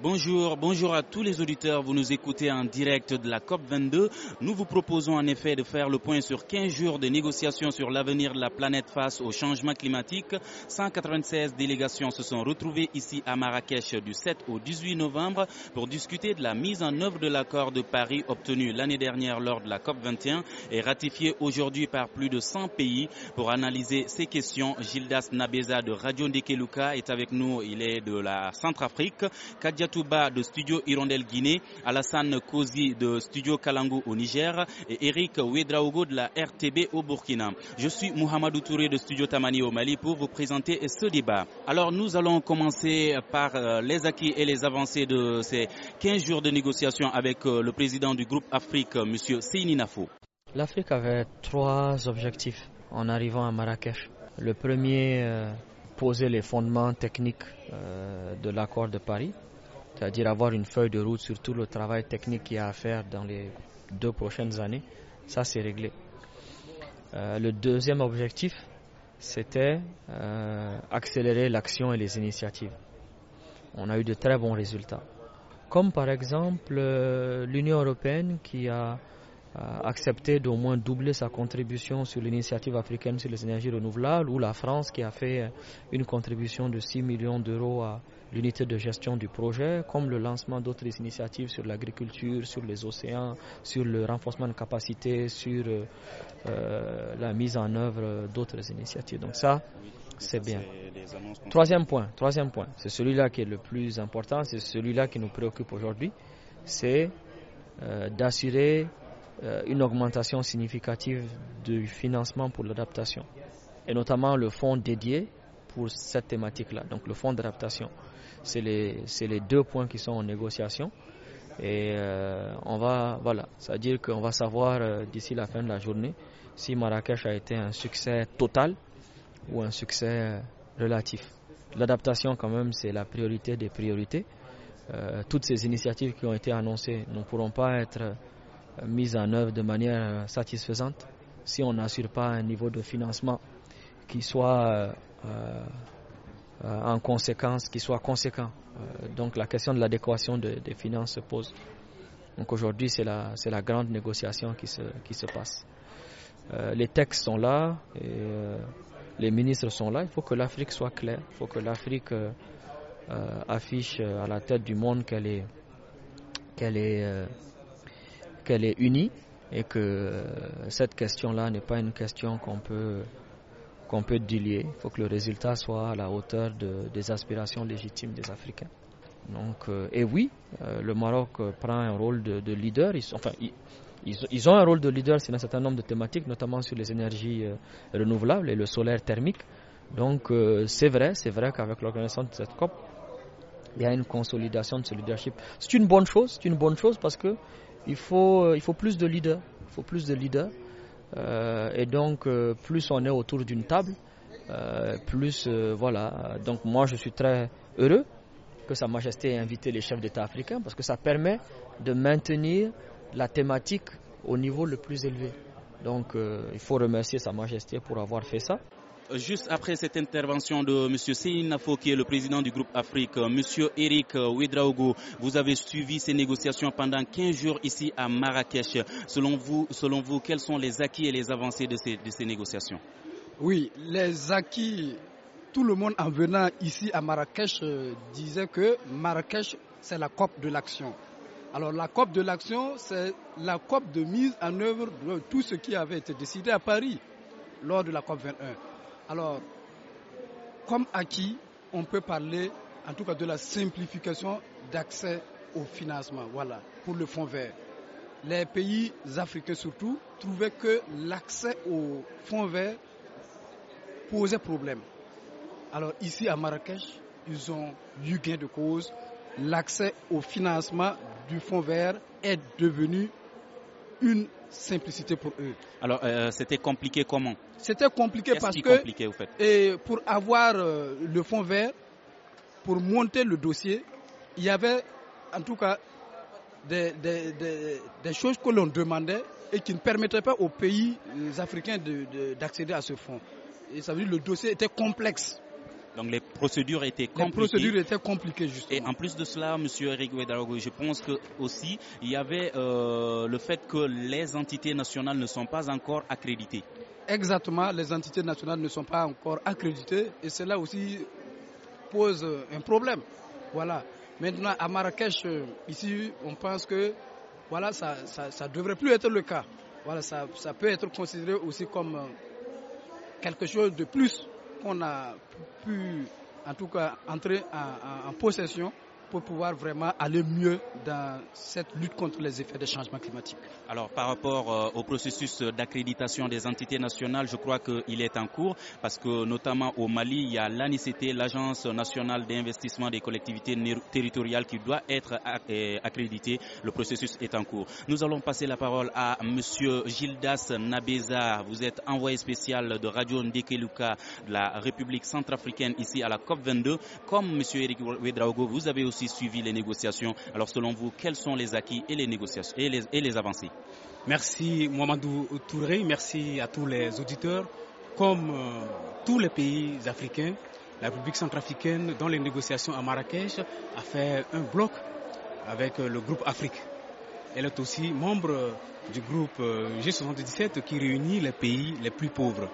Bonjour, bonjour à tous les auditeurs. Vous nous écoutez en direct de la COP22. Nous vous proposons en effet de faire le point sur 15 jours de négociations sur l'avenir de la planète face au changement climatique. 196 délégations se sont retrouvées ici à Marrakech du 7 au 18 novembre pour discuter de la mise en œuvre de l'accord de Paris obtenu l'année dernière lors de la COP21 et ratifié aujourd'hui par plus de 100 pays. Pour analyser ces questions, Gildas Nabeza de Radio Ndekeluka est avec nous. Il est de la Centrafrique de Studio Hirondelle Guinée, Alassane Kozi de Studio Kalangu au Niger et Eric de la RTB au Burkina. Je suis Mohamed Touré de Studio Tamani au Mali pour vous présenter ce débat. Alors nous allons commencer par euh, les acquis et les avancées de ces 15 jours de négociations avec euh, le président du groupe Afrique, euh, M. Seyni Nafo. L'Afrique avait trois objectifs en arrivant à Marrakech. Le premier, poser les fondements techniques de l'accord de Paris c'est-à-dire avoir une feuille de route sur tout le travail technique qu'il y a à faire dans les deux prochaines années, ça c'est réglé. Euh, le deuxième objectif, c'était euh, accélérer l'action et les initiatives. On a eu de très bons résultats. Comme par exemple euh, l'Union européenne qui a accepté d'au moins doubler sa contribution sur l'initiative africaine sur les énergies renouvelables ou la France qui a fait une contribution de 6 millions d'euros à l'unité de gestion du projet, comme le lancement d'autres initiatives sur l'agriculture, sur les océans, sur le renforcement de capacités, sur euh, euh, la mise en œuvre d'autres initiatives. Donc ça, c'est bien. Troisième point, troisième point, c'est celui-là qui est le plus important, c'est celui-là qui nous préoccupe aujourd'hui, c'est euh, d'assurer une augmentation significative du financement pour l'adaptation, et notamment le fonds dédié pour cette thématique-là, donc le fonds d'adaptation. C'est les, deux points qui sont en négociation. Et euh, on va, voilà, c'est-à-dire qu'on va savoir euh, d'ici la fin de la journée si Marrakech a été un succès total ou un succès euh, relatif. L'adaptation, quand même, c'est la priorité des priorités. toutes ces initiatives qui ont été annoncées ne pourront pas être mises en œuvre de manière satisfaisante si on n'assure pas un niveau de financement qui soit euh, en conséquence, qui soit conséquent. Euh, donc la question de l'adéquation des finances se pose. Donc aujourd'hui, c'est la, la, grande négociation qui se, qui se passe. Euh, les textes sont là, et, les ministres sont là. Il faut que l'Afrique soit claire. Il faut que l'Afrique affiche à la tête du monde qu'elle est, qu'elle est, qu'elle est unie et que cette question-là n'est pas une question qu'on peut qu'on peut diluer. Il faut que le résultat soit à la hauteur de, des aspirations légitimes des Africains. Donc, euh, et oui, euh, le Maroc euh, prend un rôle de, leader. Ils, ils, ont un rôle de leader sur un certain nombre de thématiques, notamment sur les énergies renouvelables et le solaire thermique. Donc, c'est vrai, c'est vrai qu'avec l'organisation de cette COP, il y a une consolidation de ce leadership. C'est une bonne chose, c'est une bonne chose parce que il faut, il faut plus de leaders, il faut plus de leaders. Euh, et donc, euh, plus on est autour d'une table, euh, plus voilà. Donc, moi, je suis très heureux que Sa Majesté ait invité les chefs d'État africains parce que ça permet de maintenir la thématique au niveau le plus élevé. Donc il faut remercier Sa Majesté pour avoir fait ça. Juste après cette intervention de M. Nafo qui est le président du groupe Afrique, euh, M. Eric euh, Ouedraogo, vous avez suivi ces négociations pendant 15 jours ici à Marrakech. Selon vous, selon vous quels sont les acquis et les avancées de ces, de ces négociations Oui, les acquis, tout le monde en venant ici à Marrakech euh, disait que Marrakech, c'est la COP de l'action. Alors la COP de l'action, c'est la COP de mise en œuvre de tout ce qui avait été décidé à Paris lors de la COP 21. Alors, comme acquis, on peut parler en tout cas de la simplification d'accès au financement, voilà, pour le fonds vert. Les pays africains surtout trouvaient que l'accès au fonds vert posait problème. Alors ici à Marrakech, ils ont eu gain de cause. L'accès au financement du fonds vert est devenu une simplicité pour eux. Alors, euh, c'était compliqué comment C'était compliqué parce que et pour avoir euh, le fond vert, pour monter le dossier, il y avait en tout cas des, des, des, choses que l'on demandait et qui ne permettraient pas aux pays euh, africains d'accéder à ce fonds. Et ça veut dire le dossier était complexe. Donc les procédures étaient compliquées. Et en plus de cela, Monsieur Eric je pense que aussi il y avait euh, le fait que les entités nationales ne sont pas encore accréditées. Exactement, les entités nationales ne sont pas encore accréditées et cela aussi pose un problème. Voilà. Maintenant, à Marrakech, euh, ici, on pense que voilà, ça ne ça, devrait plus être le cas. Voilà, ça, ça peut être considéré aussi comme euh, quelque chose de plus qu'on a pu, en tout cas, entrer en, possession pour pouvoir vraiment aller mieux dans cette lutte contre les effets des changements climatiques. Alors par rapport euh, au processus d'accréditation des entités nationales, je crois qu'il est en cours parce que notamment au Mali, il y a l'ANICT, l'Agence nationale d'investissement des collectivités territoriales qui doit être euh, accréditée. Le processus est en cours. Nous allons passer la parole à Monsieur Gildas Nabeza. Vous êtes envoyé spécial de Radio Ndekeluka de la République centrafricaine ici à la COP22. Comme Monsieur Eric Wedraogo, vous avez aussi suivi les négociations. Alors selon vous, quels sont les acquis et les négociations et les, avancées Merci Mouamadou Touré, merci à tous les auditeurs. Comme euh, tous les pays africains, la République centrafricaine, dans les négociations à Marrakech, a fait un bloc avec euh, le groupe Afrique. Elle est aussi membre euh, du groupe G77 qui réunit les pays les plus pauvres.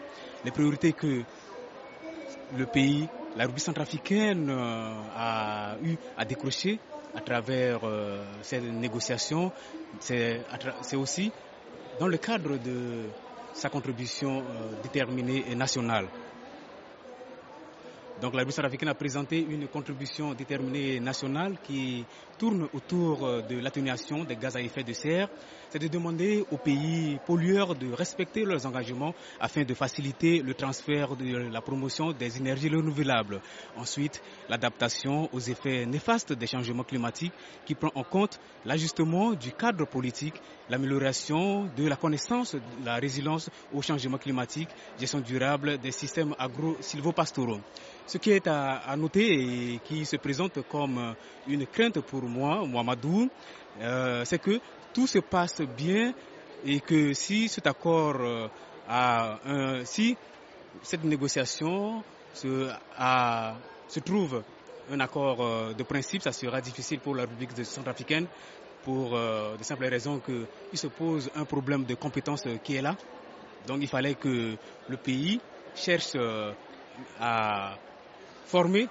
Les priorités que le pays la République centrafricaine euh, a eu à décrocher à travers euh, ces négociations. C'est aussi dans le cadre de sa contribution euh, déterminée et nationale. Donc la Russie africaine a présenté une contribution déterminée nationale qui tourne autour euh, de l'atténuation des gaz à effet de serre. C'est de demander aux pays pollueurs de respecter leurs engagements afin de faciliter le transfert de la promotion des énergies renouvelables. Ensuite, l'adaptation aux effets néfastes des changements climatiques qui prend en compte l'ajustement du cadre politique, l'amélioration de la connaissance de la résilience au changements climatique, gestion durable des systèmes agro-silvopastoraux. Ce qui est à, noter et qui se présente comme euh, une crainte pour moi, Mohamedou, euh, c'est que tout se passe bien et que si cet accord euh, a un, si cette négociation se, a, se trouve un accord de principe, ça sera difficile pour la République centrafricaine pour de simples raisons qu'il se pose un problème de compétence qui est là. Donc il fallait que le pays cherche à for me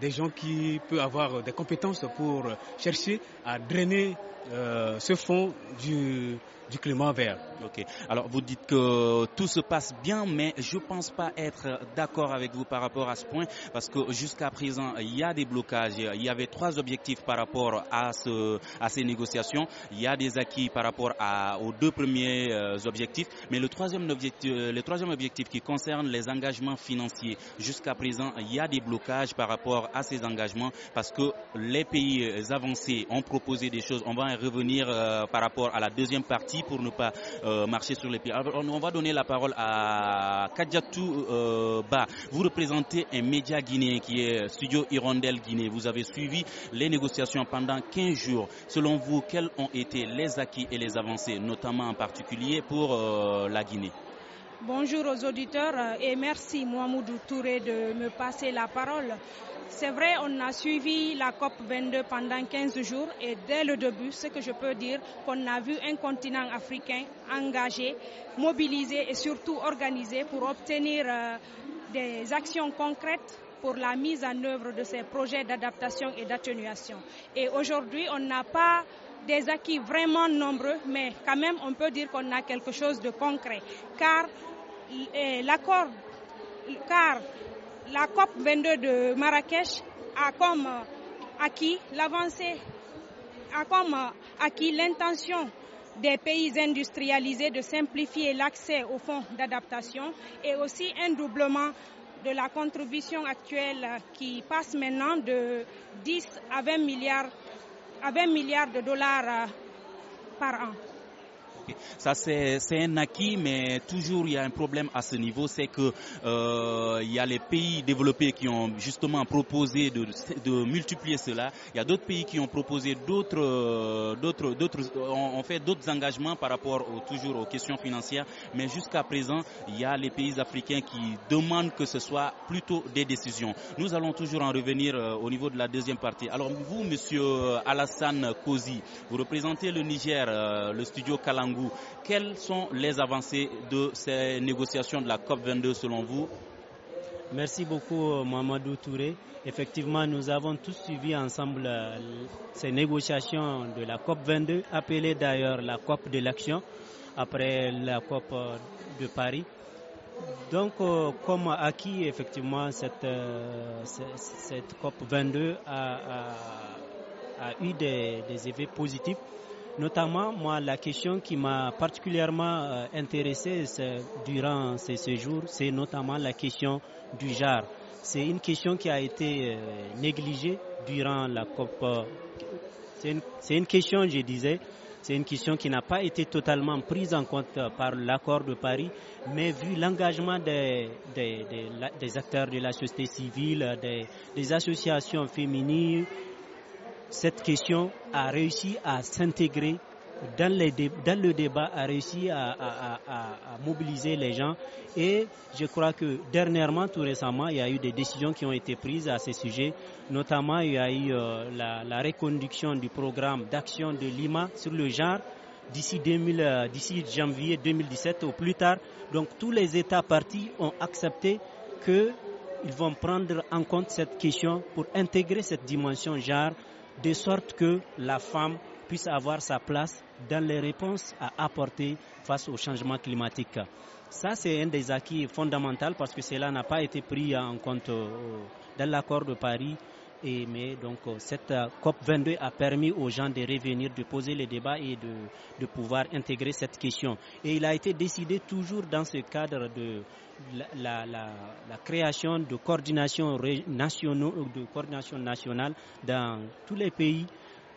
des gens qui peuvent avoir des compétences pour chercher à drainer euh, ce fonds du, du climat vert. Ok. Alors vous dites que tout se passe bien, mais je ne pense pas être d'accord avec vous par rapport à ce point, parce que jusqu'à présent, il y a des blocages. Il y avait trois objectifs par rapport à, ce, à ces négociations. Il y a des acquis par rapport à, aux deux premiers euh, objectifs, mais le troisième, objectif, euh, le troisième objectif qui concerne les engagements financiers, jusqu'à présent, il y a des blocages par rapport à ces engagements parce que les pays euh, avancés ont proposé des choses. On va en revenir euh, par rapport à la deuxième partie pour ne pas euh, marcher sur les pieds. on, va donner la parole à Kadjatou Ba. Vous représentez un média guinéen qui est Studio Hirondelle Guinée. Vous avez suivi les négociations pendant 15 jours. Selon vous, quels ont été les acquis et les avancées, notamment en particulier pour la Guinée Bonjour aux auditeurs et merci Mouamoudou Touré de me passer la parole. C'est vrai, on a suivi la COP 22 pendant 15 jours et dès le début, ce que je peux dire, qu'on a vu un continent africain engagé, mobilisé et surtout organisé pour obtenir euh, des actions concrètes pour la mise en œuvre de ces projets d'adaptation et d'atténuation. Et aujourd'hui, on n'a pas des acquis vraiment nombreux, mais quand même, on peut dire qu'on a quelque chose de concret, car l'accord car la COP 22 de Marrakech a comme euh, acquis l'avancée, a comme euh, acquis l'intention des pays industrialisés de simplifier l'accès aux fonds d'adaptation et aussi un doublement de la contribution actuelle qui passe maintenant de 10 à 20 milliards, à 20 milliards de dollars euh, par an. Ça, c'est un acquis, mais toujours il y a un problème à ce niveau, c'est que euh, il y a les pays développés qui ont justement proposé de, multiplier cela. Il y a d'autres pays qui ont proposé d'autres, euh, d'autres, d'autres, ont fait d'autres engagements par rapport toujours aux questions financières. Mais jusqu'à présent, il y a les pays africains qui demandent que ce soit plutôt des décisions. Nous allons toujours en revenir euh, au niveau de la deuxième partie. Alors vous, Monsieur Alassane Kozi, vous représentez le Niger, le studio Kalango. Quelles sont les avancées de ces négociations de la COP22 selon vous Merci beaucoup euh, Mamadou Touré. Effectivement, nous avons tous suivi ensemble euh, ces négociations de la COP 22, appelée d'ailleurs la COP de l'action, après la COP euh, de Paris. Donc, comme acquis, effectivement, cette, cette COP 22 a, eu des effets positifs Notamment, moi, la question qui m'a particulièrement euh, intéressé durant ces séjour, c'est notamment la question du genre. C'est une question qui a été euh, négligée durant la COP. Euh, c'est une, question, je disais, c'est une question qui n'a pas été totalement prise en compte par l'accord de Paris, mais vu l'engagement des, des, acteurs de la société civile, des, associations féminines, cette question a réussi à s'intégrer dans, dans le débat, a réussi à, mobiliser les gens. Et je crois que dernièrement, tout récemment, il y a eu des décisions qui ont été prises à ce sujet. Notamment, il y a eu euh, la, la reconduction du programme d'action de Lima sur le genre d'ici euh, janvier 2017 au plus tard. Donc tous les États partis ont accepté qu'ils vont prendre en compte cette question pour intégrer cette dimension genre de sorte que la femme puisse avoir sa place dans les réponses à apporter face au changement climatique. Ça, c'est un des acquis fondamentaux parce que cela n'a pas été pris en compte euh, dans l'accord de Paris et, mais donc euh, cette euh, COP22 a permis aux gens de revenir, de poser les débats et de, pouvoir intégrer cette question. Et il a été décidé toujours dans ce cadre de la, création de coordination, nationaux, euh, de coordination nationale dans tous les pays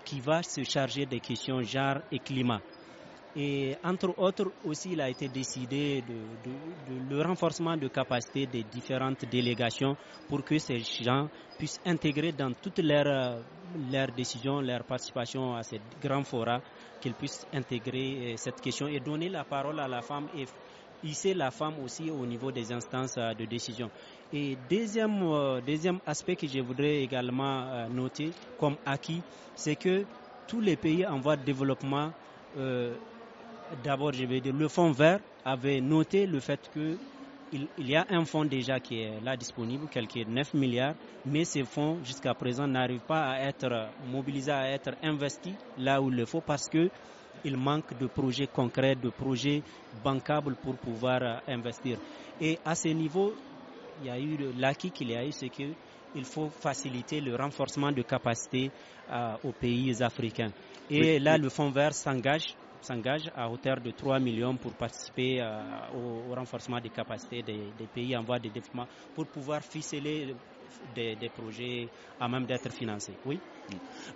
qui va se charger des questions genre et climat. Et entre autres aussi, il a été décidé de, de, de, le renforcement de capacité des différentes délégations pour que ces gens puissent intégrer dans toutes leurs leur décisions, leur participation à ces grands forats, qu'ils puissent intégrer euh, cette question et donner la parole à la femme et hisser la femme aussi au niveau des instances euh, de décision. Et deuxième, euh, deuxième aspect que je voudrais également noter comme acquis, c'est que tous les pays en voie de développement euh, D'abord, je vais dire, le fonds vert avait noté le fait que il, y a un fonds déjà qui est là disponible, quelques 9 milliards, mais ces fonds jusqu'à présent n'arrivent pas à être mobilisés, à être investis là où il le faut parce que il manque de projets concrets, de projets bancables pour pouvoir investir. Et à ce niveau, il y a eu l'acquis qu'il y a eu, c'est qu'il faut faciliter le renforcement de capacités euh, aux pays africains. Et là, le Fonds vert s'engage s'engage à hauteur de 3 millions pour participer euh, au, renforcement des capacités des, pays en voie de développement pour pouvoir ficeler des, des projets à même d'être financés. Oui.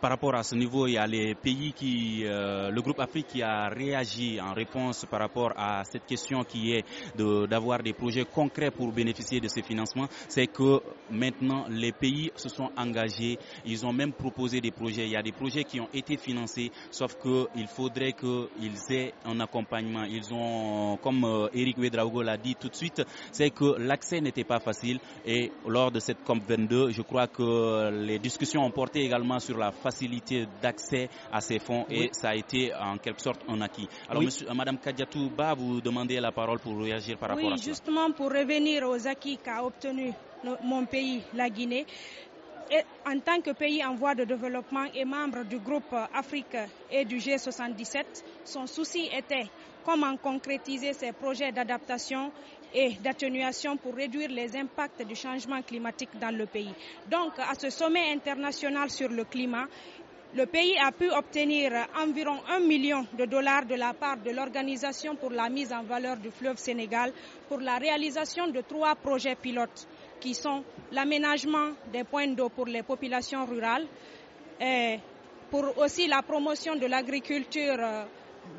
Par rapport à ce niveau, il y a les pays qui, euh, le groupe Afrique qui a réagi en réponse par rapport à cette question qui est d'avoir des projets concrets pour bénéficier de ces financements. C'est que maintenant, les pays se sont engagés, ils ont même proposé des projets. Il y a des projets qui ont été financés, sauf qu'il faudrait qu'ils aient un accompagnement. Ils ont, comme Eric euh, Wedraogo l'a dit tout de suite, c'est que l'accès n'était pas facile et lors de cette COP22, je crois que les discussions ont porté également sur la facilité d'accès à ces fonds et ça a été en quelque sorte un acquis. Alors, Mme monsieur, euh, Madame Kadiatouba, vous demandez la parole pour réagir par rapport à Oui, justement pour revenir aux acquis qu'a obtenu mon pays, la Guinée. en tant que pays en voie de développement et membre du groupe euh, Afrique et du G77, son souci était comment concrétiser ces projets d'adaptation et d'atténuation pour réduire les impacts du changement climatique dans le pays. Donc, à ce sommet international sur le climat, le pays a pu obtenir environ 1 million de dollars de la part de l'Organisation pour la mise en valeur du fleuve Sénégal pour la réalisation de trois projets pilotes qui sont l'aménagement des points d'eau pour les populations rurales, et pour aussi la promotion de l'agriculture euh,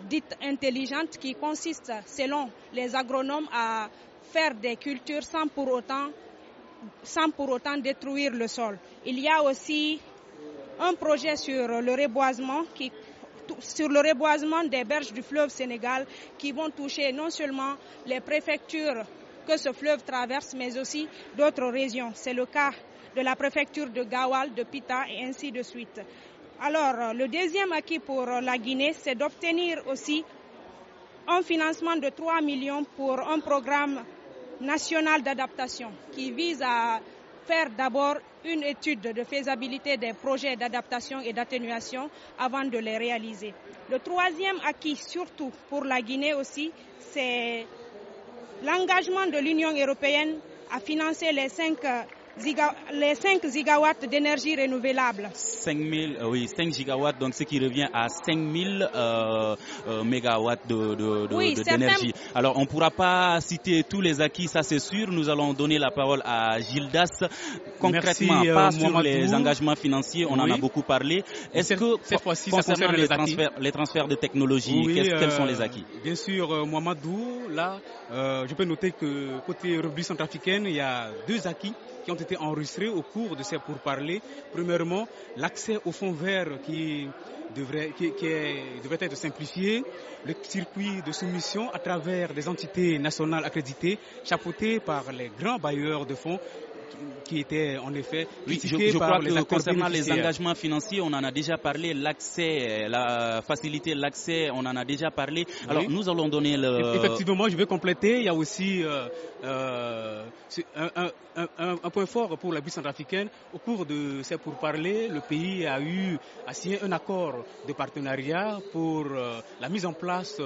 dite intelligente qui consiste, selon les agronomes, à faire des cultures sans pour autant, détruire le sol. Il y a aussi un projet sur sur le reboisement des berges du fleuve Sénégal qui vont toucher non seulement les préfectures que ce fleuve traverse, mais aussi d'autres régions. C'est le cas de la préfecture de Gawal, de Pita et ainsi de suite. Alors, euh, le deuxième acquis pour euh, la Guinée, c'est d'obtenir aussi un financement de 3 millions pour un programme national d'adaptation qui vise à faire d'abord une étude de faisabilité des projets d'adaptation et d'atténuation avant de les réaliser. Le troisième acquis, surtout pour la Guinée aussi, c'est l'engagement de l'Union européenne à financer les cinq euh, les 5 gigawatts d'énergie renouvelable. 5 euh, oui, 5 gigawatts, donc ce qui revient à 5000 euh, euh, mégawatts d'énergie. Alors, on ne pourra pas citer tous les acquis, ça c'est sûr. Nous allons donner la parole à Gildas. Concrètement, pas sur les engagements financiers, on en a beaucoup parlé. Est-ce que, cette concernant les, transferts, les transferts de technologie, quels sont les acquis Bien sûr, Mohamedou, là, je peux noter que côté République centrafricaine, il y a deux acquis ont été enregistrés au cours de ces pourparlers. Premièrement, l'accès aux fonds vert qui devrait être simplifié, le circuit de soumission à travers des entités nationales accréditées, chapeautées par les grands bailleurs de fonds était en effet je, crois que concernant les engagements financiers, on en a déjà parlé, l'accès, la facilité, l'accès, on en a déjà parlé. Alors nous allons donner le... Effectivement, je vais compléter, il y a aussi euh, euh, un, point fort pour la Bus centrafricaine. Au cours de ces pourparlers, le pays a eu a signé un accord de partenariat pour euh, la mise en place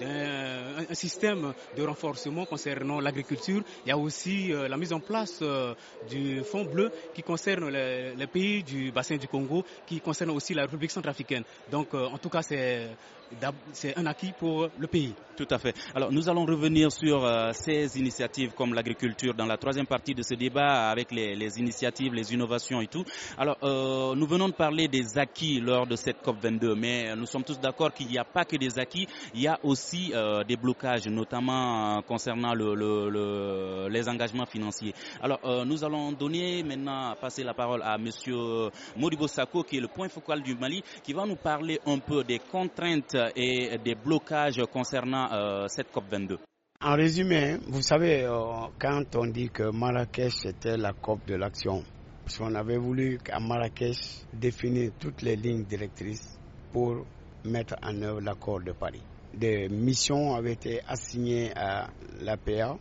d'un système de renforcement concernant l'agriculture. Il y a aussi la mise en place du fond bleu qui concerne les, pays du bassin du Congo, qui concerne aussi la République centrafricaine. Donc, euh, en tout cas, c'est c'est un acquis pour le pays. Tout à fait. Alors nous allons revenir sur euh, ces initiatives comme l'agriculture dans la troisième partie de ce débat avec les, initiatives, les innovations et tout. Alors euh, nous venons de parler des acquis lors de cette COP22, mais euh, nous sommes tous d'accord qu'il n'y a pas que des acquis, il y a aussi des blocages, notamment concernant les engagements financiers. Alors nous allons donner maintenant, passer la parole à Monsieur Modibo Sako qui est le point focal du Mali, qui va nous parler un peu des contraintes et des blocages concernant euh, cette COP22 En résumé, vous savez, euh, quand on dit que Marrakech était la COP de l'action, parce qu'on avait voulu qu'à Marrakech définir toutes les lignes directrices pour mettre en œuvre l'accord de Paris. Des missions avaient été assignées à l'APA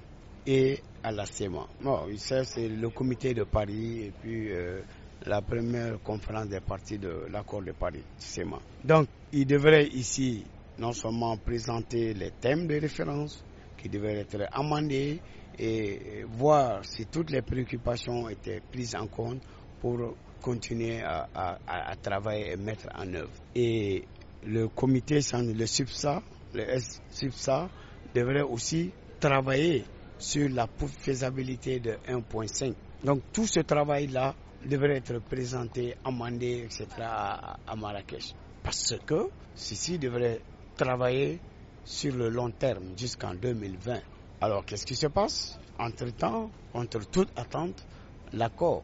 et à la CEMA. Bon, ça c'est le comité de Paris et puis euh, la première conférence des parties de l'accord de Paris, moi. Donc, il devrait ici non seulement présenter les thèmes de référence qui devraient être amendés et voir si toutes les préoccupations étaient prises en compte pour continuer à, travailler et mettre en œuvre. Et le comité, le SUPSA, le supsa devrait aussi travailler sur la faisabilité de 1.5. Donc tout ce travail-là devrait être présenté, amendé, etc. à, Marrakech. Parce que ceci devrait travailler sur le long terme jusqu'en 2020. Alors qu'est-ce qui se passe Entre-temps, entre toute attente, l'accord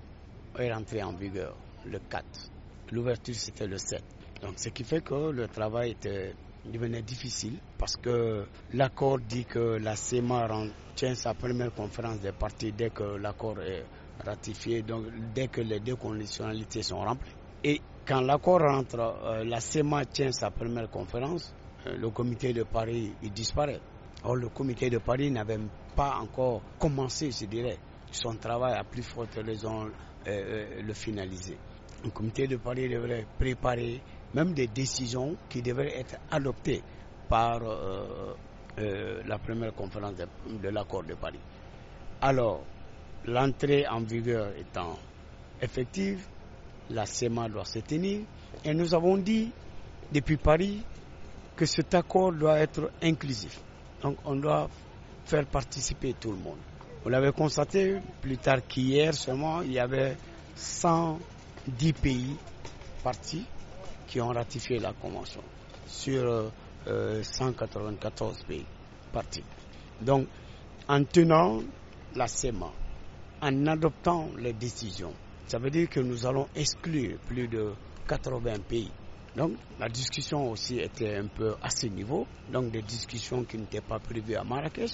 est rentré en vigueur le 4. L'ouverture, c'était le 7. Donc ce qui fait que le travail était, devenait difficile parce que l'accord dit que la CEMA tient sa première conférence des partis dès que l'accord est ratifié donc, dès que les deux conditionnalités sont remplies. Et quand l'accord rentre, euh, la CEMA tient sa première conférence, euh, le comité de Paris il disparaît. Or, le comité de Paris n'avait pas encore commencé, je dirais, son travail à plus forte raison euh, le finaliser. Le comité de Paris devrait préparer même des décisions qui devraient être adoptées par la première conférence de l'accord de Paris. Alors, l'entrée en vigueur étant effective, la CEMA doit se tenir. Et nous avons dit depuis Paris que cet accord doit être inclusif. Donc on doit faire participer tout le monde. Vous l'avez constaté, plus tard qu'hier seulement, il y avait 110 pays partis qui ont ratifié la Convention sur 194 euh, euh, pays partis. Donc, en tenant la CEMA, en adoptant les décisions. Ça veut dire que nous allons exclure plus de 80 pays. Donc la discussion aussi était un peu à ce niveau, donc des discussions qui n'étaient pas prévues à Marrakech,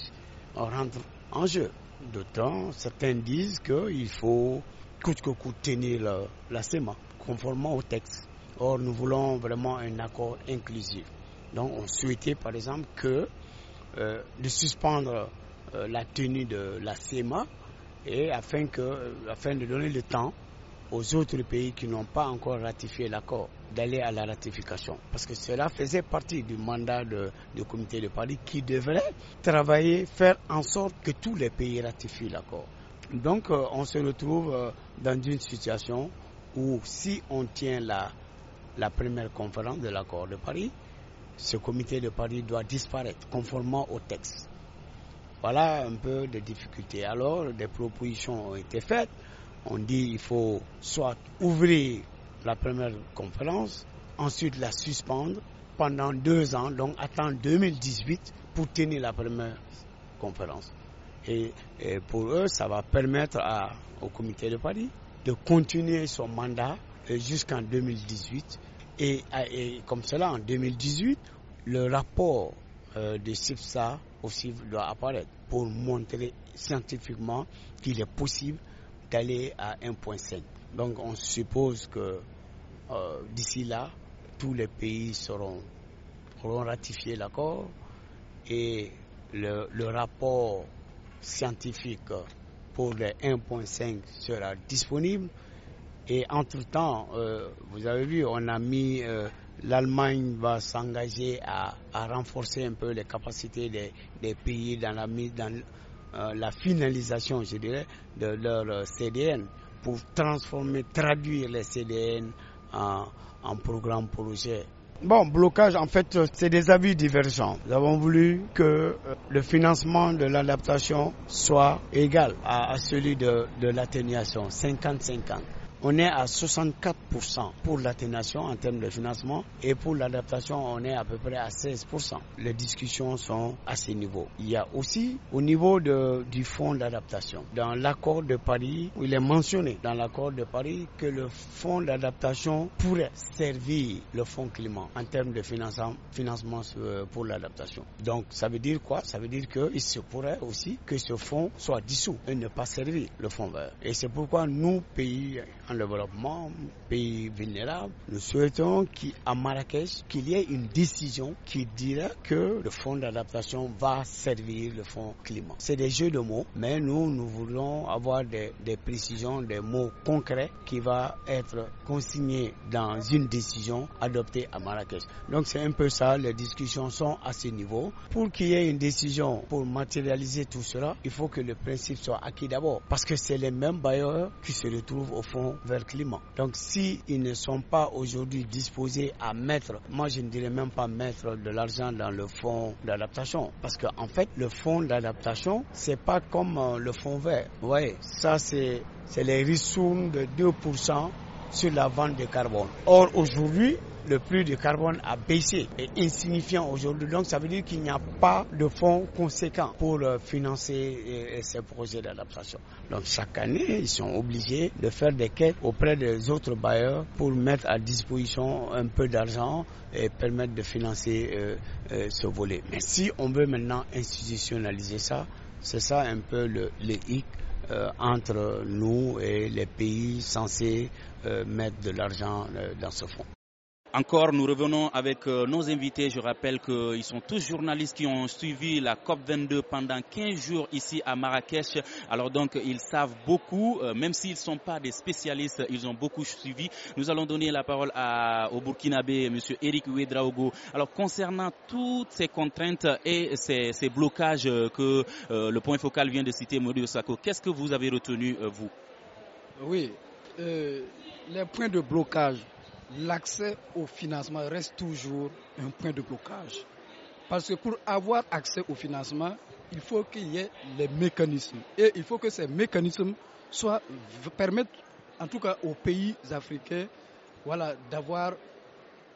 rentrent en jeu. D'autant, certains disent qu'il faut coûte que coûte tenir la, la CEMA, conformément au texte. Or, nous voulons vraiment un accord inclusif. Donc, on souhaitait, par exemple, que euh, de suspendre euh, la tenue de la CEMA et afin, que, euh, afin de donner le temps aux autres pays qui n'ont pas encore ratifié l'accord d'aller à la ratification. Parce que cela faisait partie du mandat du comité de Paris qui devrait travailler, faire en sorte que tous les pays ratifient l'accord. Donc euh, on se retrouve euh, dans une situation où si on tient la première conférence de l'accord de Paris, ce comité de Paris doit disparaître conformément au texte. Voilà un peu de difficultés. Alors, des propositions ont été faites. On dit qu'il faut soit ouvrir la première conférence, ensuite la suspendre pendant deux ans, donc attendre 2018 pour tenir la première conférence. Et, pour eux, ça va permettre au comité de Paris de continuer son mandat euh, jusqu'en 2018. Et, comme cela, en 2018, le rapport euh, de CIPSA aussi doit apparaître pour montrer scientifiquement qu'il est possible d'aller à 1,5. Donc on suppose que euh, d'ici là, tous les pays seront, auront ratifié l'accord et le, rapport scientifique pour les 1.5 sera disponible. Et entre-temps, euh, vous avez vu, on a mis euh, l'Allemagne va s'engager à, renforcer un peu les capacités des, pays dans la mise dans euh, la finalisation, je dirais, de leur euh, CDN pour transformer, traduire les CDN en, programme projet. Bon, blocage, en fait, euh, c'est des avis divergents. Nous avons voulu que le financement de l'adaptation soit égal à, celui de, de l'atténuation, 50-50 on est à 64% pour l'atténuation en termes de financement et pour l'adaptation, on est à peu près à 16%. Les discussions sont à ces niveaux. Il y a aussi au niveau de, du fonds d'adaptation. Dans l'accord de Paris, il est mentionné dans l'accord de Paris que le fonds d'adaptation pourrait servir le fonds climat en termes de financement, financement euh, pour l'adaptation. Donc ça veut dire quoi Ça veut dire qu'il se pourrait aussi que ce fonds soit dissous et ne pas servir le fonds vert. Et c'est pourquoi nous, pays en développement, pays vulnérable, nous souhaitons qu'à Marrakech, qu'il y ait une décision qui dira que le fonds d'adaptation va servir le fonds climat. C'est des jeux de mots, mais nous, nous voulons avoir des, des précisions, des mots concrets qui vont être consignés dans une décision adoptée à Marrakech. Donc c'est un peu ça, les discussions sont à ce niveau. Pour qu'il y ait une décision pour matérialiser tout cela, il faut que le principe soit acquis d'abord, parce que c'est les mêmes bailleurs qui se retrouvent au fond vers le climat. Donc s'ils ne sont pas aujourd'hui disposés à mettre, moi je ne dirais même pas mettre de l'argent dans le fonds d'adaptation. Parce qu'en en fait, le fonds d'adaptation, c'est pas comme euh, le fonds vert. Vous voyez, ça c'est les ressources de 2% sur la vente de carbone. Or aujourd'hui, le prix du carbone a baissé, et insignifiant aujourd'hui. Donc ça veut dire qu'il n'y a pas de fonds conséquents pour euh, financer euh, ces projets d'adaptation. Donc chaque année, ils sont obligés de faire des quêtes auprès des autres bailleurs pour mettre à disposition un peu d'argent et permettre de financer euh, ce volet. Mais si on veut maintenant institutionnaliser ça, c'est ça un peu le, hic entre nous et les pays censés mettre de l'argent dans ce fonds. Encore, nous revenons avec euh, nos invités. Je rappelle qu'ils sont tous journalistes qui ont suivi la COP22 pendant 15 jours ici à Marrakech. Alors donc, ils savent beaucoup, euh, même s'ils ne sont pas des spécialistes, ils ont beaucoup suivi. Nous allons donner la parole à, au Burkinabé, M. Eric Ouedraogo. Alors, concernant toutes ces contraintes et ces, blocages que euh, le point focal vient de citer, Maurice Osako, qu'est-ce que vous avez retenu, vous Oui, les points de blocage l'accès au financement reste toujours un point de blocage. Parce que pour avoir accès au financement, il faut qu'il y ait les mécanismes. Et il faut que ces mécanismes soient, permettent en tout cas aux pays africains voilà, d'avoir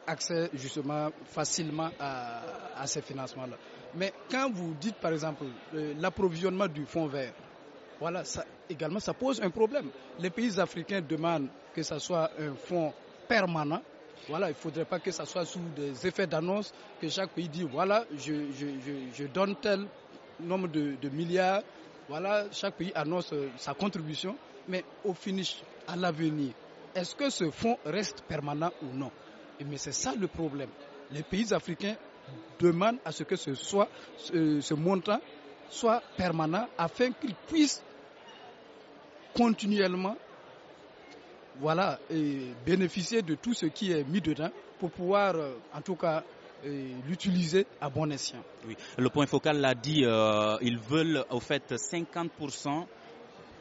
accès justement facilement à, ces financements-là. Mais quand vous dites par exemple euh, l'approvisionnement du fonds vert, voilà, ça, également ça pose un problème. Les pays africains demandent que ce soit un fonds permanent. Voilà, il ne faudrait pas que ça soit sous des effets d'annonce que chaque pays dit voilà, je, je, donne tel nombre de, milliards. Voilà, chaque pays annonce euh, sa contribution. Mais au finish, à l'avenir, est-ce que ce fonds reste permanent ou non Mais c'est ça le problème. Les pays africains demandent à ce que ce soit ce montant soit permanent afin qu'ils puissent continuellement voilà, et bénéficier de tout ce qui est mis dedans pour pouvoir, euh, en tout cas, euh, l'utiliser à bon escient. Le point focal l'a dit, euh, ils veulent au fait 50%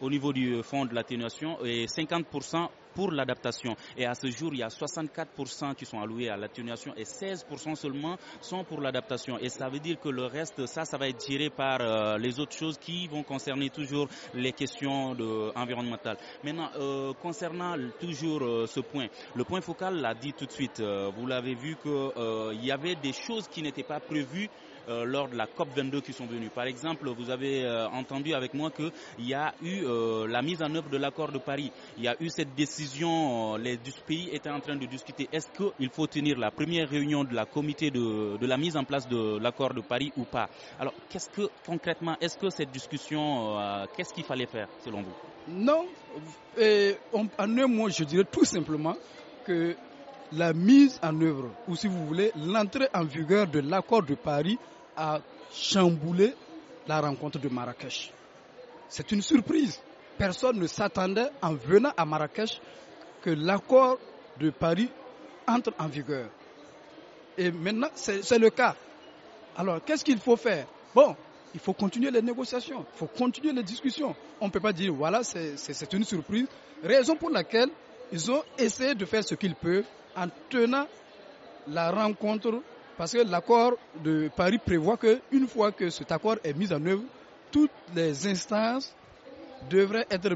au niveau du fonds de l'atténuation et 50% pour l'adaptation. Et à ce jour, il y a 64% qui sont alloués à l'atténuation et 16% seulement sont pour l'adaptation. Et ça veut dire que le reste, ça, ça va être tiré par euh, les autres choses qui vont concerner toujours les questions de, environnementales. Maintenant, euh, concernant toujours euh, ce point, le point focal l'a dit tout de suite. Euh, vous l'avez vu qu'il il y avait des choses qui n'étaient pas prévues euh, lors de la COP22 qui sont venus. Par exemple, vous avez euh, entendu avec moi il y a eu euh, la mise en œuvre de l'accord de Paris. Il y a eu cette décision, les pays étaient en train de discuter. Est-ce qu'il faut tenir la première réunion de la comité de, de la mise en place de l'accord de Paris ou pas Alors, qu'est-ce que concrètement, est-ce que cette discussion, qu'est-ce qu'il fallait faire selon vous Non, en un mot, je dirais tout simplement que la mise en œuvre, ou si vous voulez, l'entrée en vigueur de l'accord de Paris a chamboulé la rencontre de Marrakech. C'est une surprise. Personne ne s'attendait en venant à Marrakech que l'accord de Paris entre en vigueur. Et maintenant, c'est le cas. Alors, qu'est-ce qu'il faut faire Bon, il faut continuer les négociations, il faut continuer les discussions. On ne peut pas dire, voilà, c'est une surprise. Raison pour laquelle ils ont essayé de faire ce qu'ils peuvent en tenant la rencontre, parce que l'accord de Paris prévoit qu'une fois que cet accord est mis en œuvre, toutes les instances devraient être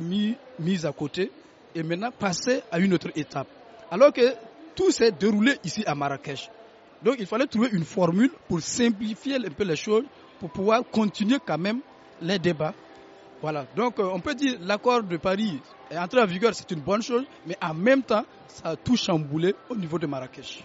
mises à côté et maintenant passer à une autre étape. Alors que tout s'est déroulé ici à Marrakech. Donc il fallait trouver une formule pour simplifier un peu les choses, pour pouvoir continuer quand même les débats. Voilà, donc euh, on peut dire l'accord de Paris et en vigueur, c'est une bonne chose, mais en même temps, ça touche tout chamboulé au niveau de Marrakech.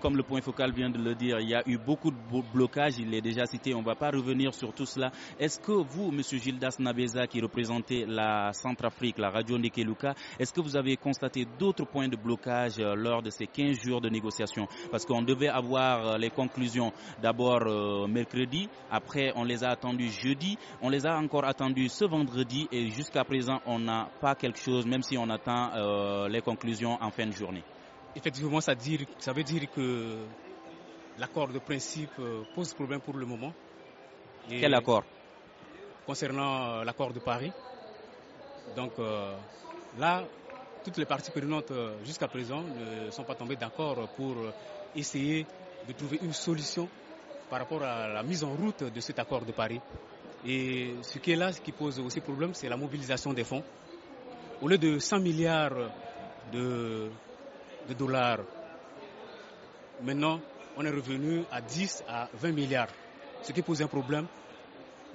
Comme le point focal vient de le dire, il y a eu beaucoup de blocages, il est déjà cité, on ne va pas revenir sur tout cela. Est-ce que vous, M. Gildas Nabeza, qui représentez la Centrafrique, la radio Nikeluka, est-ce que vous avez constaté d'autres points de blocage euh, lors de ces 15 jours de négociation Parce qu'on devait avoir euh, les conclusions d'abord euh, mercredi, après on les a attendues jeudi, on les a encore attendues ce vendredi et jusqu'à présent on n'a pas quelque chose, même si on attend les conclusions en fin de journée. Effectivement, ça, veut dire que l'accord de principe euh, pose problème pour le moment. Quel accord Concernant euh, l'accord de Paris. Donc euh, là, toutes les parties prenantes jusqu'à présent ne sont pas tombées d'accord pour essayer de trouver une solution par rapport à la mise en route de cet accord de Paris. Et ce qui est là, ce qui pose aussi problème, c'est la mobilisation des fonds. Au lieu de 100 milliards de de dollars. Maintenant, on est revenu à 10 à 20 milliards, ce qui pose un problème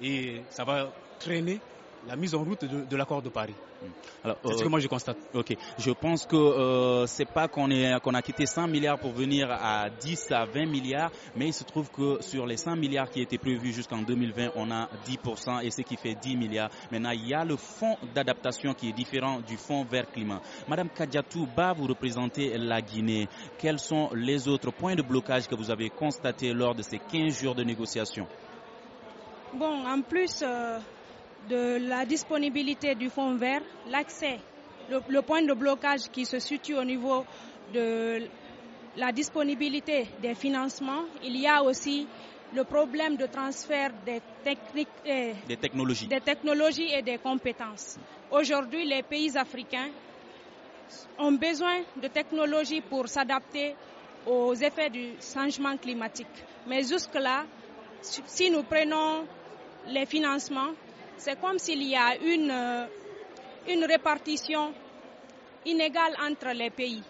et ça va traîner la mise en route de, l'accord de Paris. Hmm. Alors, c'est ce euh, que moi je constate. Ok. Je pense que euh, c'est pas qu'on a quitté 100 milliards pour venir à 10 à 20 milliards, mais il se trouve que sur les 100 milliards qui étaient prévus jusqu'en 2020, on a 10% et ce qui fait 10 milliards. Maintenant, il y a le fonds d'adaptation qui est différent du fonds vert climat. Madame Kadiatouba, vous représentez la Guinée. Quels sont les autres points de blocage que vous avez constatés lors de ces 15 jours de négociation Bon, en plus, euh, de la disponibilité du fonds vert, l'accès, le, point de blocage qui se situe au niveau de la disponibilité des financements. Il y a aussi le problème de transfert des, techniques eh, des, technologies. des technologies et des compétences. Aujourd'hui, les pays africains ont besoin de technologies pour s'adapter aux effets du changement climatique. Mais jusque-là, si nous prenons les financements, c'est comme s'il y a euh, une, répartition inégale entre les pays.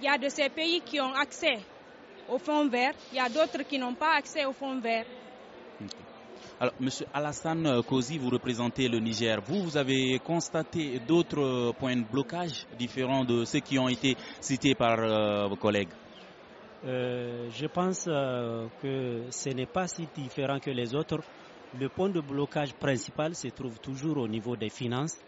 Il y a de ces pays qui ont accès au fonds vert, il y a d'autres qui n'ont pas accès au fonds vert. Alors, Monsieur Alassane euh, Kozi, vous représentez le Niger. Vous, vous avez constaté d'autres points de blocage différents de ceux qui ont été cités par euh, vos collègues Je pense que ce n'est pas si différent que les autres le point de blocage principal se trouve toujours au niveau des finances,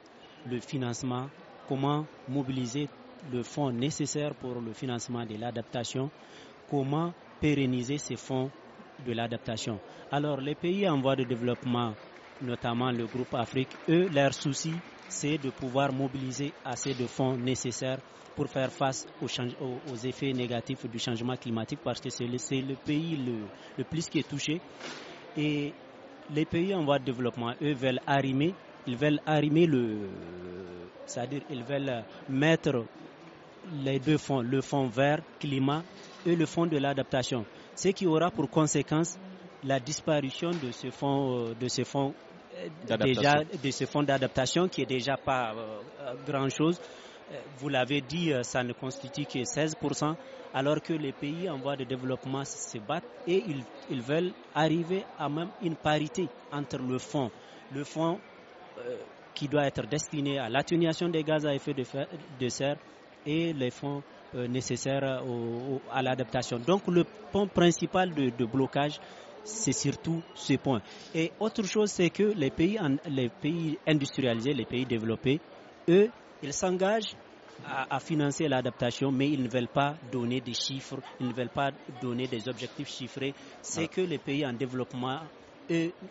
le financement, comment mobiliser le fonds nécessaire pour le financement de l'adaptation, comment pérenniser ces fonds de l'adaptation. Alors les pays en voie de développement, notamment le groupe Afrique, eux, leur souci, c'est de pouvoir mobiliser assez de fonds nécessaires pour faire face aux, effets négatifs du changement climatique parce que c'est le, pays le, le plus qui est touché. Et les pays en voie de développement, eux, veulent arrimer, ils veulent arrimer le. C'est-à-dire, ils veulent mettre les deux fonds, le fonds vert, climat, et le fonds de l'adaptation. Ce qui aura pour conséquence la disparition de ce fonds, euh, de ce fonds euh, déjà de ce fonds d'adaptation qui est déjà pas euh, grand chose vous l'avez dit, euh, ça ne constitue que 16%, alors que les pays en voie de développement se battent et ils, veulent arriver à même une parité entre le fonds, le fonds euh, qui doit être destiné à l'atténuation des gaz à effet de, serre et les fonds euh, nécessaires à l'adaptation. Donc le point principal de, blocage, c'est surtout ce point. Et autre chose, c'est que les pays, les pays industrialisés, les pays développés, eux, ils s'engagent à, financer l'adaptation, mais ils ne veulent pas donner des chiffres, ils ne veulent pas donner des objectifs chiffrés. C'est ah. que les pays en développement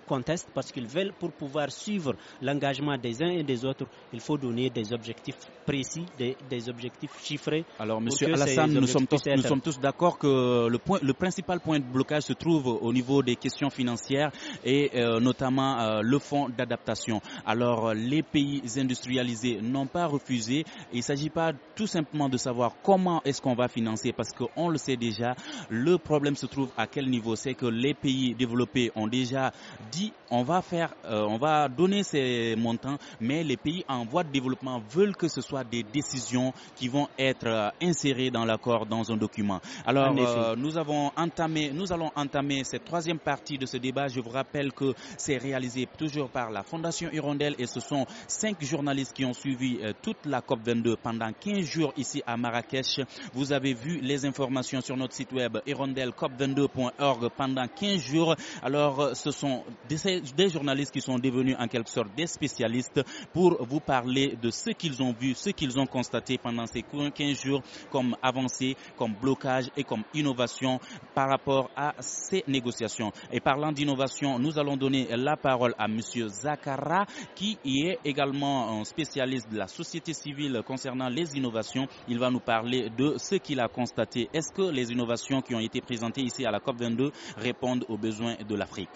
contestent parce qu'ils veulent pour pouvoir suivre l'engagement des uns et des autres, il faut donner des objectifs précis, des, objectifs chiffrés. Alors, Monsieur Alassane, nous sommes tous, sommes tous d'accord que le, principal point de blocage se trouve au niveau des questions financières et euh, notamment euh, le fonds d'adaptation. Alors, les pays industrialisés n'ont pas refusé. Il ne s'agit pas tout simplement de savoir comment est-ce qu'on va financer parce qu'on le sait déjà. Le problème se trouve à quel niveau C'est que les pays développés ont déjà dit on va faire, euh, on va donner ces montants, mais les pays en voie de développement veulent que ce soit des décisions qui vont être euh, insérées dans l'accord, dans un document. Alors euh, nous avons entamé, nous allons entamer cette troisième partie de ce débat. Je vous rappelle que c'est réalisé toujours par la Fondation Hirondelle et ce sont cinq journalistes qui ont suivi toute la COP 22 pendant 15 jours ici à Marrakech. Vous avez vu les informations sur notre site web hirondellecop22.org pendant 15 jours. Alors ce sont des, journalistes qui sont devenus en quelque sorte des spécialistes pour vous parler de ce qu'ils ont vu, ce qu'ils ont constaté pendant ces 15 jours comme avancée, comme blocage et comme innovation par rapport à ces négociations. Et parlant d'innovation, nous allons donner la parole à Monsieur Zakara qui est également un spécialiste de la société civile concernant les innovations. Il va nous parler de ce qu'il a constaté. Est-ce que les innovations qui ont été présentées ici à la COP22 répondent aux besoins de l'Afrique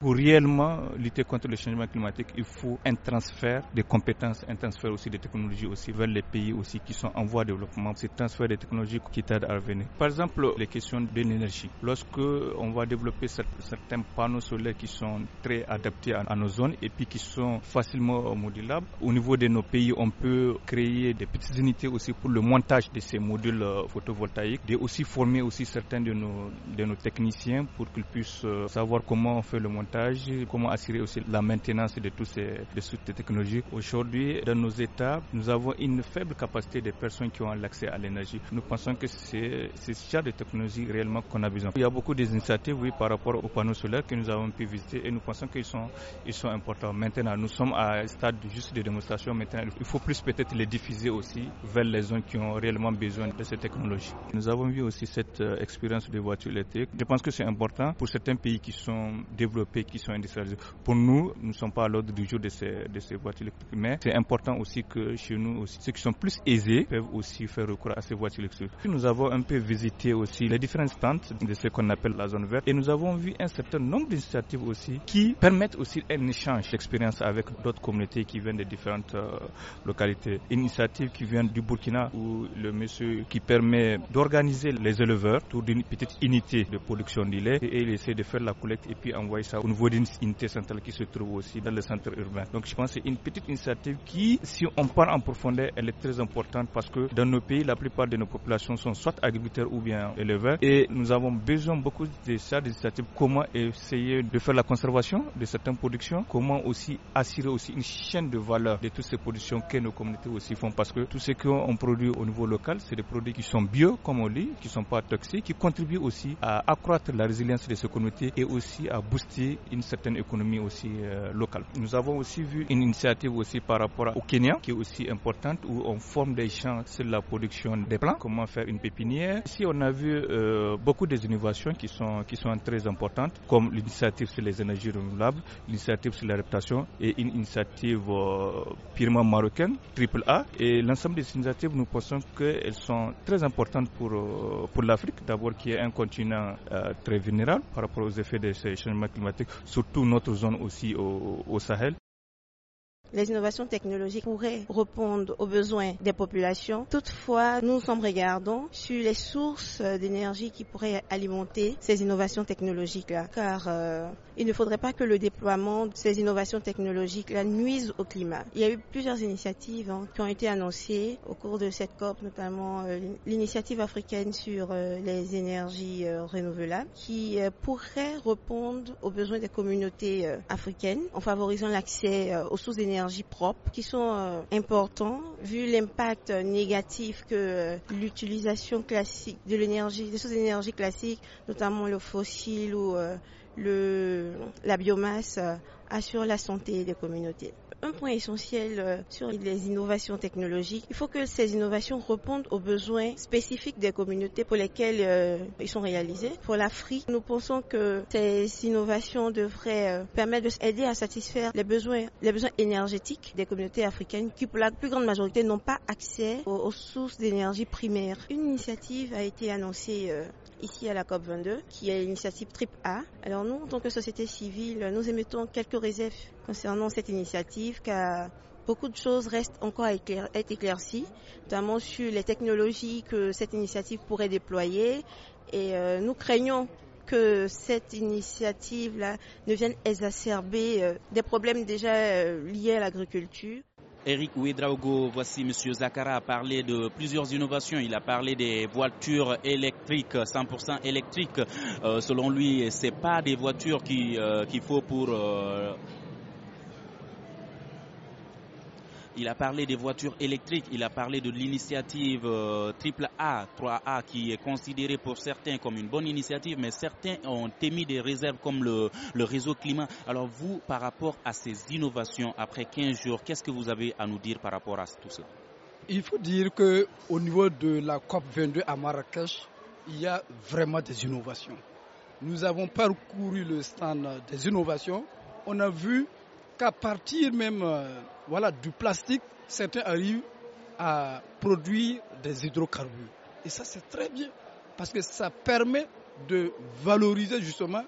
pour réellement lutter contre le changement climatique, il faut un transfert des compétences, un transfert aussi des technologies aussi vers les pays aussi qui sont en voie de développement. C'est transfert des technologies qui t'aide à revenir. Par exemple, les questions de l'énergie. Lorsque on va développer certains panneaux solaires qui sont très adaptés à nos zones et puis qui sont facilement modulables, au niveau de nos pays, on peut créer des petites unités aussi pour le montage de ces modules euh, photovoltaïques, de aussi former aussi certains de de nos techniciens pour qu'ils puissent euh, savoir comment on fait le montage comment assurer aussi la maintenance de tous ces de technologiques. technologies. Aujourd'hui, dans nos États, nous avons une faible capacité des personnes qui ont l'accès à l'énergie. Nous pensons que c'est ce genre de technologie réellement qu'on a besoin. Il y a beaucoup d'initiatives, oui, par rapport aux panneaux solaires que nous avons pu visiter et nous pensons qu'ils sont, ils sont importants. Maintenant, nous sommes à un stade juste de démonstration. Maintenant, il faut plus peut-être les diffuser aussi vers les zones qui ont réellement besoin de ces technologies. Nous avons vu aussi cette euh, expérience des voitures électriques. Je pense que c'est important pour certains pays qui sont développés qui sont industrialisés. Pour nous, nous ne sommes pas à l'ordre du jour de ces, de voitures électriques. Mais c'est important aussi que chez nous, aussi, ceux qui sont plus aisés peuvent aussi faire recours à ces voitures électriques. Puis nous avons un peu visité aussi les différentes stands de ce qu'on appelle la zone verte et nous avons vu un certain nombre d'initiatives aussi qui permettent aussi un échange d'expérience avec d'autres communautés qui viennent de différentes euh, localités. Une initiative qui vient du Burkina où le monsieur qui permet d'organiser les éleveurs autour d'une petite unité de production de lait et il essaie de faire la collecte et puis envoyer ça au niveau d'une unité centrale qui se trouve aussi dans le centre urbain. Donc je pense que c'est une petite initiative qui, si on parle en profondeur, elle est très importante parce que dans nos pays, la plupart de nos populations sont soit agriculteurs ou bien éleveurs et nous avons besoin beaucoup de ça, d'initiatives, initiatives, comment essayer de faire la conservation de certaines productions, comment aussi assurer aussi une chaîne de valeur de toutes ces productions que nos communautés aussi font parce que tout ce qu'on produit au niveau local, c'est des produits qui sont bio, comme on dit, qui ne sont pas toxiques, qui contribuent aussi à accroître la résilience de ces communautés et aussi à booster une certaine économie aussi euh, locale. Nous avons aussi vu une initiative aussi par rapport au Kenya qui est aussi importante où on forme des champs sur la production des plants, comment faire une pépinière. Ici on a vu euh, beaucoup des innovations qui sont qui sont très importantes comme l'initiative sur les énergies renouvelables, l'initiative sur la réputation et une initiative euh, purement marocaine, triple A. Et l'ensemble des initiatives, nous pensons qu'elles sont très importantes pour pour l'Afrique, d'abord qui est un continent très vulnérable par rapport aux effets de des changements climatiques surtout notre zone aussi au, au Sahel les innovations technologiques pourraient répondre aux besoins des populations. Toutefois, nous sommes regardons sur les sources d'énergie qui pourraient alimenter ces innovations technologiques-là, car euh, il ne faudrait pas que le déploiement de ces innovations technologiques-là nuise au climat. Il y a eu plusieurs initiatives hein, qui ont été annoncées au cours de cette COP, notamment euh, l'initiative africaine sur euh, les énergies renouvelables, qui pourrait répondre aux besoins des communautés africaines en favorisant l'accès aux sources d'énergie qui sont euh, importants vu l'impact négatif que euh, l'utilisation classique de l'énergie, des sources d'énergie classiques, notamment le fossile ou euh, le, la biomasse, a sur la santé des communautés un point essentiel euh, sur les innovations technologiques. Il faut que ces innovations répondent aux besoins spécifiques des communautés pour lesquelles euh, ils sont réalisés. Pour l'Afrique, nous pensons que ces innovations devraient euh, permettre d'aider à satisfaire les besoins, énergétiques des communautés africaines qui, pour la plus grande majorité, n'ont pas accès aux, sources d'énergie primaires. Une initiative a été annoncée ici à la COP22, qui est l'initiative TRIP A. Alors nous, en tant que société civile, nous émettons quelques réserves concernant cette initiative car beaucoup de choses restent encore à être éclaircies, notamment sur les technologies que cette initiative pourrait déployer. Et euh, nous craignons que cette initiative-là ne vienne exacerber euh, des problèmes déjà euh, liés à l'agriculture. Eric Ouedraogo, voici M. Zakara a parlé de plusieurs innovations. Il a parlé des voitures électriques, 100% électriques. selon lui, ce n'est pas des voitures qu'il faut pour Il a parlé des voitures électriques, il a parlé de l'initiative euh, triple A, 3A, qui est considérée pour certains comme une bonne initiative, mais certains ont émis des réserves comme le, réseau climat. Alors vous, par rapport à ces innovations, après 15 jours, qu'est-ce que vous avez à nous dire par rapport à tout cela Il faut dire qu'au niveau de la COP22 à Marrakech, il y a vraiment des innovations. Nous avons parcouru le stand des innovations. On a vu qu'à partir même euh, voilà, du plastique, certains arrivent à produire des hydrocarbures. Et ça, c'est très bien, parce que ça permet de valoriser justement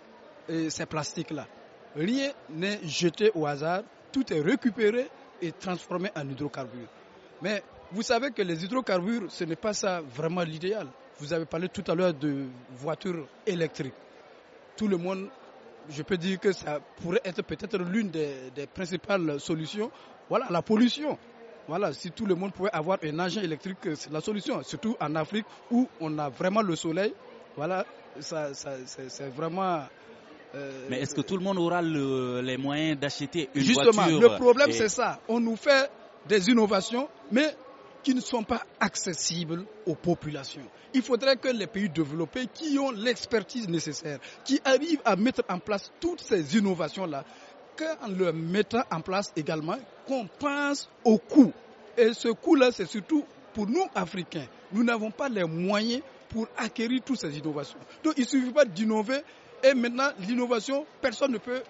euh, ces plastiques-là. Rien n'est jeté au hasard, tout est récupéré et transformé en hydrocarbures. Mais vous savez que les hydrocarbures, ce n'est pas ça vraiment l'idéal. Vous avez parlé tout à l'heure de voitures électriques. Tout le monde je peux dire que ça pourrait être peut-être l'une des, principales solutions voilà, la pollution. Voilà, si tout le monde pouvait avoir un agent électrique, euh, c'est la solution. Surtout en Afrique où on a vraiment le soleil. Voilà, ça, c'est vraiment euh, mais est-ce que tout le monde aura les moyens d'acheter une Justement, voiture Justement, le problème c'est ça. On nous fait des innovations, mais qui ne sont pas accessibles aux populations. Il faudrait que les pays développés qui ont l'expertise nécessaire, qui arrivent à mettre en place toutes ces innovations-là, qu'en le mettant en place également, qu'on pense au coût. Et ce coût-là, c'est surtout pour nous, Africains. Nous n'avons pas les moyens pour acquérir toutes ces innovations. Donc il ne suffit pas d'innover et maintenant l'innovation, personne ne peut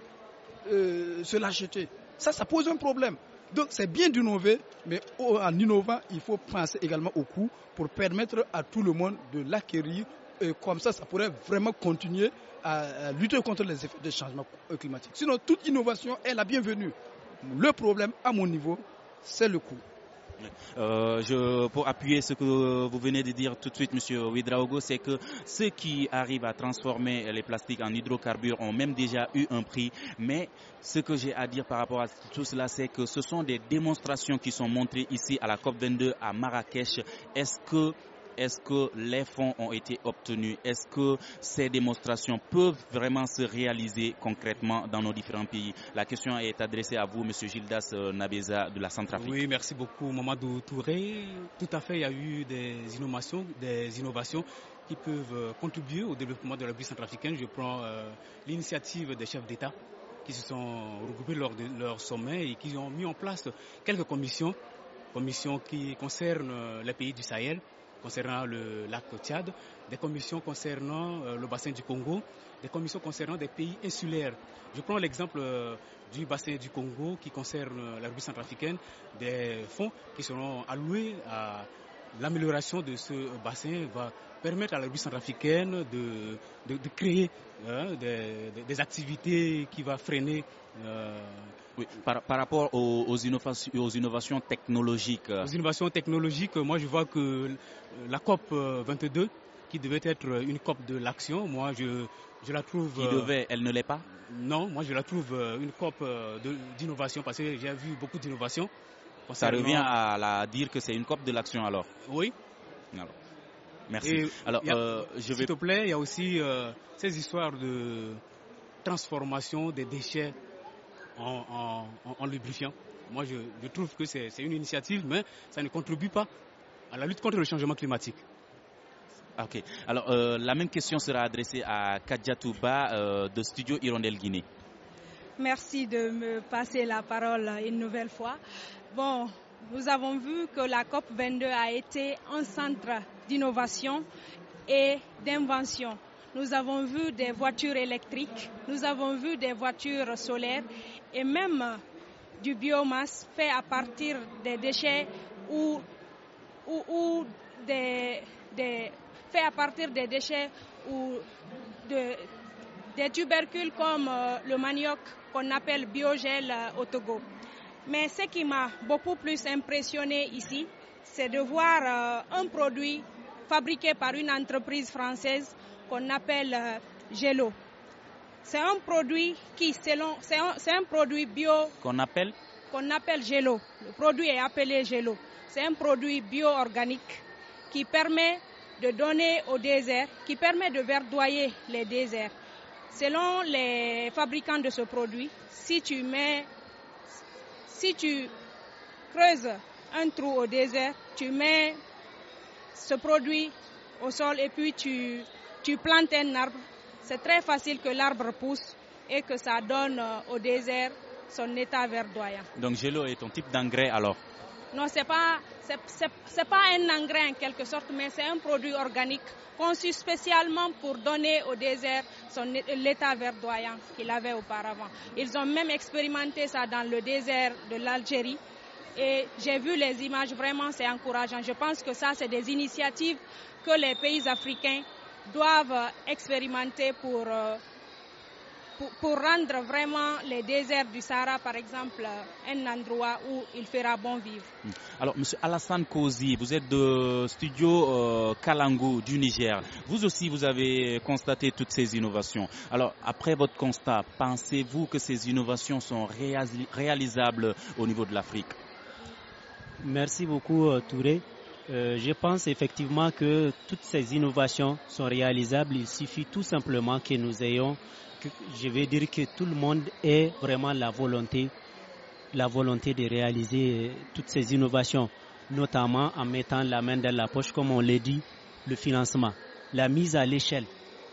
euh, se l'acheter. Ça, ça pose un problème. Donc c'est bien d'innover, mais en innovant, il faut penser également au coût pour permettre à tout le monde de l'acquérir. Et comme ça, ça pourrait vraiment continuer à lutter contre les effets des changements euh, climatiques. Sinon, toute innovation est la bienvenue. Le problème, à mon niveau, c'est le coût. Euh, je, pour appuyer ce que vous venez de dire tout de suite, Monsieur Widraogo, c'est que ceux qui arrivent à transformer les plastiques en hydrocarbures ont même déjà eu un prix. Mais ce que j'ai à dire par rapport à tout cela, c'est que ce sont des démonstrations qui sont montrées ici à la COP22 à Marrakech. Est-ce que est-ce que les fonds ont été obtenus Est-ce que ces démonstrations peuvent vraiment se réaliser concrètement dans nos différents pays La question est adressée à vous, M. Gildas euh, Nabeza de la Centrafrique. Oui, merci beaucoup, Mamadou Touré. Tout à fait, il y a eu des innovations, des innovations qui peuvent euh, contribuer au développement de la ville centrafricaine. Je prends euh, l'initiative des chefs d'État qui se sont regroupés lors de leur sommet et qui ont mis en place quelques commissions, commissions qui concernent les pays du Sahel, concernant le lac Tchad, des commissions concernant euh, le bassin du Congo, des commissions concernant des pays insulaires. Je prends l'exemple euh, du bassin du Congo qui concerne euh, la République centrafricaine, des fonds qui seront alloués à l'amélioration de ce bassin va permettre à la Russie centrafricaine de, créer hein, des, activités qui vont freiner. Euh, par, rapport aux, innovations, technologiques. Aux innovations technologiques, moi je vois que la COP 22, euh, qui devait être une COP de l'action, moi je, la trouve. Qui euh, devait, elle ne l'est pas Non, moi je la trouve une COP d'innovation parce que j'ai vu beaucoup d'innovations. Ça revient à la, dire que c'est une COP de l'action alors Oui. Merci. Alors, euh, je vais... S'il te plaît, il y a aussi euh, ces histoires de transformation des déchets en, lubrifiant. Moi, je, trouve que c'est une initiative, mais ça ne contribue pas à la lutte contre le changement climatique. Ok. Alors, euh, la même question sera adressée à Kadja Touba de Studio Hirondelle Guinée. Merci de me passer la parole une nouvelle fois. Bon, nous avons vu que la COP 22 a été un centre d'innovation et d'invention. Nous avons vu des voitures électriques, nous avons vu des voitures solaires et même du biomasse fait à partir des déchets ou, ou, des, fait à partir des déchets ou de, des tubercules comme euh, le manioc qu'on appelle biogel euh, au Togo. Mais ce qui m'a beaucoup plus impressionné ici, c'est de voir euh, un produit fabriqué par une entreprise française qu'on appelle Gélo. Euh, c'est un produit qui, selon, c'est un, produit bio. Qu'on appelle Qu'on appelle Gélo. Le produit est appelé Gélo. C'est un produit bio-organique qui permet de donner au désert, qui permet de verdoyer les déserts. Selon les fabricants de ce produit, si tu mets, si tu creuses un trou au désert, tu mets se produit au sol et puis tu, tu plantes un arbre, c'est très facile que l'arbre pousse et que ça donne euh, au désert son état verdoyant. Donc Gélo est ton type d'engrais alors Non, ce n'est pas, pas un engrais en quelque sorte, mais c'est un produit organique conçu spécialement pour donner au désert l'état verdoyant qu'il avait auparavant. Ils ont même expérimenté ça dans le désert de l'Algérie et j'ai vu les images, vraiment c'est encourageant. Je pense que ça, c'est des initiatives que les pays africains doivent expérimenter pour, euh, rendre vraiment les déserts du Sahara, par exemple, un endroit où il fera bon vivre. Hmm. Alors, M. Alassane Kozi, vous êtes de Studio euh, Kalango du Niger. Vous aussi, vous avez constaté toutes ces innovations. Alors, après votre constat, pensez-vous que ces innovations sont réalisables au niveau de l'Afrique Merci beaucoup euh, Touré. Euh, je pense effectivement que toutes ces innovations sont réalisables. Il suffit tout simplement que nous ayons, je vais dire que tout le monde ait vraiment la volonté, la volonté de réaliser euh, toutes ces innovations, notamment en mettant la main dans la poche, comme on l'a dit, le financement, la mise à l'échelle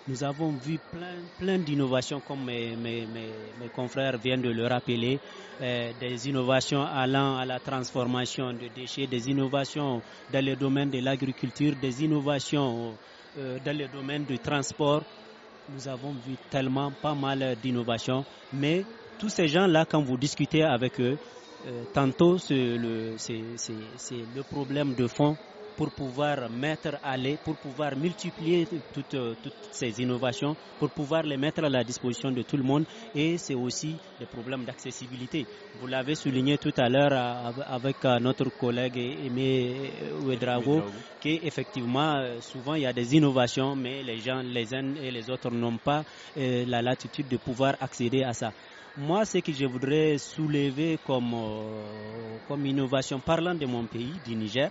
nous avons vu plein, plein d'innovations, comme mes, mes, mes, confrères viennent de le rappeler, euh, des innovations allant à la transformation de déchets, des innovations dans le domaine de l'agriculture, des innovations euh, dans le domaine du transport. Nous avons vu tellement pas mal d'innovations, mais tous ces gens-là, quand vous discutez avec eux, euh, tantôt c'est le, le problème de fond pour pouvoir mettre à l'aise, pour pouvoir multiplier toutes, euh, toutes, ces innovations, pour pouvoir les mettre à la disposition de tout le monde. Et c'est aussi le problème d'accessibilité. Vous l'avez souligné tout à l'heure euh, avec euh, notre collègue Aimé Ouedrago, qu'effectivement, souvent il y a des innovations, mais les gens, les uns et les autres n'ont pas la latitude de pouvoir accéder à ça. Moi, ce que je voudrais soulever comme, comme innovation, parlant de mon pays, du Niger,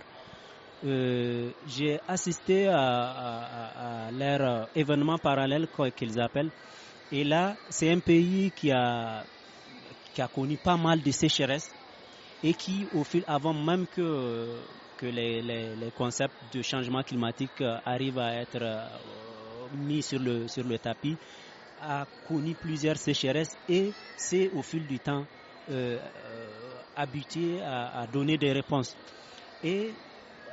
euh, j'ai assisté à, à, leur événement parallèle qu'ils appellent. Et là, c'est un pays qui a, qui a connu pas mal de sécheresses et qui, au fil, avant même que, que les, concepts de changement climatique euh, arrivent à être euh, mis sur le, sur le tapis, a connu plusieurs sécheresses et c'est au fil du temps euh, habitué à, à donner des réponses. Et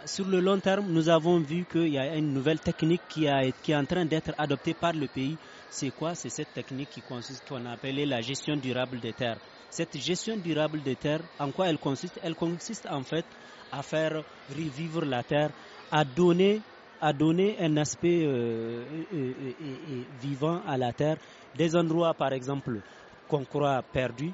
sur le long terme, nous avons vu qu'il y a une nouvelle technique qui, est en train d'être adoptée par le pays. C'est quoi C'est cette technique qui consiste, qu'on appelle la gestion durable des terres. Cette gestion durable des terres, en quoi elle consiste Elle consiste en fait à faire revivre la terre, à donner, à donner un aspect euh, vivant à la terre. Des endroits, par exemple, qu'on croit perdus,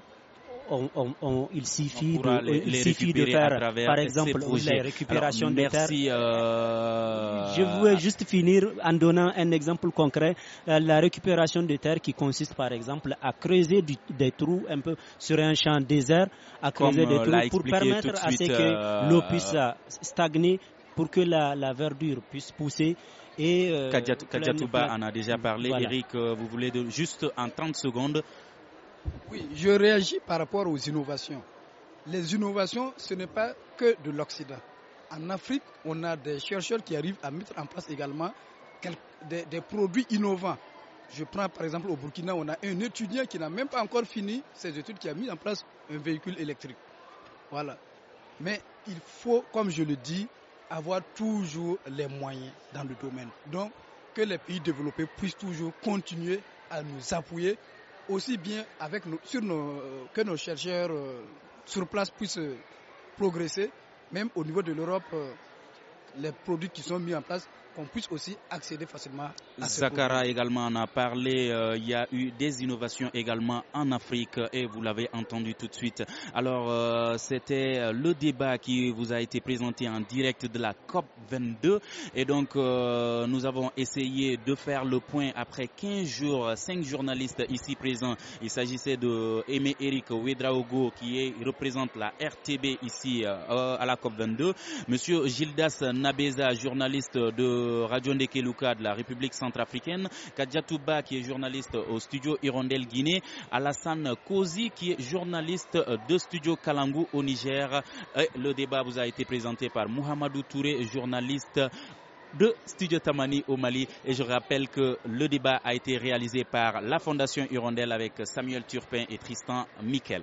on, on, on, il suffit, de, les, il de, faire, par exemple, la récupération de terre. Euh, Je voulais juste finir en donnant un exemple concret. Euh, la récupération de terre qui consiste, par exemple, à creuser des trous un peu sur un champ désert, à creuser des euh, trous pour permettre à ce que l'eau puisse stagner, pour que la, la verdure puisse pousser. Et euh, Kadiatouba en a déjà parlé. Eric, vous voulez juste en 30 secondes oui, je réagis par rapport aux innovations. Les innovations, ce n'est pas que de l'Occident. En Afrique, on a des chercheurs qui arrivent à mettre en place également des, produits innovants. Je prends par exemple au Burkina, on a un étudiant qui n'a même pas encore fini ses études qui a mis en place un véhicule électrique. Voilà. Mais il faut, comme je le dis, avoir toujours les moyens dans le domaine. Donc, que les pays développés puissent toujours continuer à nous appuyer aussi bien avec nos, sur nos, euh, que nos chercheurs euh, sur place puissent progresser, même au niveau de l'Europe, euh, les produits qui sont mis en place qu'on puisse aussi accéder facilement à Zakara également en a parlé. Euh, il y a eu des innovations également en Afrique et vous l'avez entendu tout de suite. Alors, euh, c'était euh, le débat qui vous a été présenté en direct de la COP 22. Et donc, nous avons essayé de faire le point après 15 jours, cinq journalistes ici présents. Il s'agissait de Aimé Eric Ouedraogo qui représente la RTB ici à la COP 22. Monsieur Gildas Nabeza, journaliste de Radio Ndeke Luka de la République centrafricaine, Kadja Touba qui est journaliste au studio Hirondelle Guinée, Alassane Kozi qui est journaliste de studio Kalangu au Niger. le débat vous a été présenté par Mohamedou Touré, journaliste de Studio Tamani au Mali. Et je rappelle que le débat a été réalisé par la Fondation Hirondelle avec Samuel Turpin et Tristan Miquel.